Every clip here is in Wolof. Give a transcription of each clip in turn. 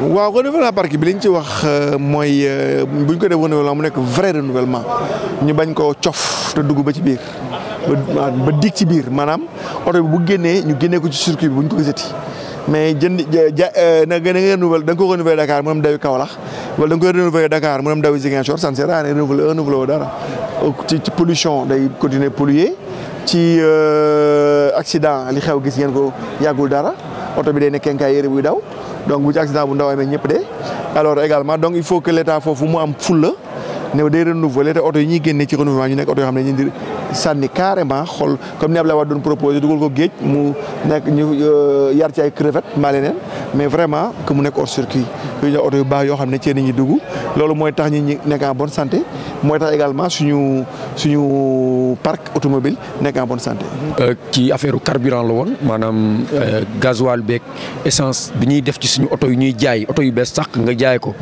waaw renouvellement parc bi li ñu ci wax euh, mooy euh, bu ñu ko def renouvellement mu nekk vrai renouvellement ñu bañ koo cof te dugg ba ci biir ba ba dig ci biir maanaam oto bi bu génnee ñu génnee ko ci circuit bi bu ñu ko gisati mais jënd ja euh, na nga ne renouveler da nga ko renouveler Dakar mu dem dawi Kaolack wala da nga koy renouveler Dakar mu dem dawi Ziguinchor ça ne sert à rien renouveler renouveler dara ci ci pollution day continuer polluer ci accident li xew gis ngeen ko yàggul dara oto bi day nekk kenkaay yëre buy daw. donc bu ci accident bu ndaw amee ñëpp de alors également donc il faut que l' état foofu mu am fulla ne day renouveler te oto yi ñuy génne ci renouvellement ñu nekk oto yoo xam ne ñu ngi sànni carrément xool comme ni Ablaye Wade doon proposé dugal ko géej mu nekk ñu euh, yar ci ay crevettes maa leneen mais vraiment que mu nekk hors circuit yu ñu oto yu baax yoo xam ne ci nit ñi dugg loolu mooy tax ñi nekk en bonne santé mooy tax également suñu suñu parc automobile nekk en bonne santé. ki euh, affaire carburant la woon maanaam euh, gasoil beeg essence bi ñuy def ci suñu oto yi ñuy jaay oto yu bees sax nga jaay ko.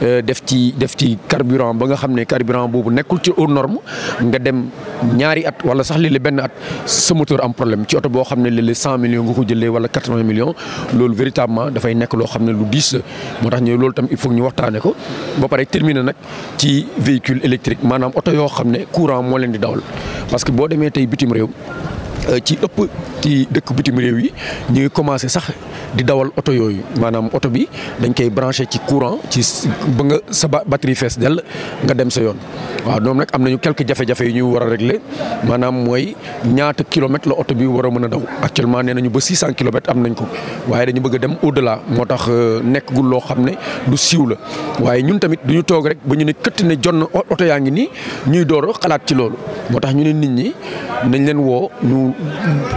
Euh, def ci def ci carburant ba nga xam ne carburant boobu nekkul ci aux normes nga dem ñaari at wala sax léeg benn at sa moteur am problème oto boo xam ne léeg-léeg cent millions nga ko jëlee wala quatre-vingts loolu véritablement dafay nekk loo xam ne lu diis la moo tax ñu loolu tam il faut ñu waxtaanee ko ba pare terminer nag ci véhicule électrique maanaam oto yoo xam ne courant moo leen di dawal parce que boo demee tey bitim réew. Euh, ci ëpp ci dëkk bitim réew yi ñu ngi commencé sax di dawal oto yooyu maanaam oto bi dañ koy branché ci courant ci ba nga sa batterie fees dell nga dem sa yoon. waaw ñoom nag am nañu quelques jafe-jafe yu ñu war a régler maanaam mooy ñaata kilomètres la oto bi war a mën a daw actuellement nee nañu ba 600 kilomètres am nañ ko waaye dañu bëgg a dem au delà moo tax euh, nekk gul loo xam ne du siiw la waaye ñun tamit duñu toog rek ba ñu ne këtt ne jonn oto yaa ngi nii ñuy door xalaat ci loolu tax ñu ne nit ñi. nañ leen woo ñu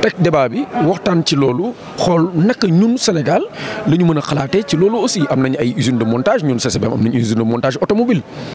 teg débat bi waxtaan ci loolu xool naka ñun Sénégal la ñu mën a xalaatee ci loolu aussi am nañ ay usine de montage ñun CCBM am nañ usine de montage automobile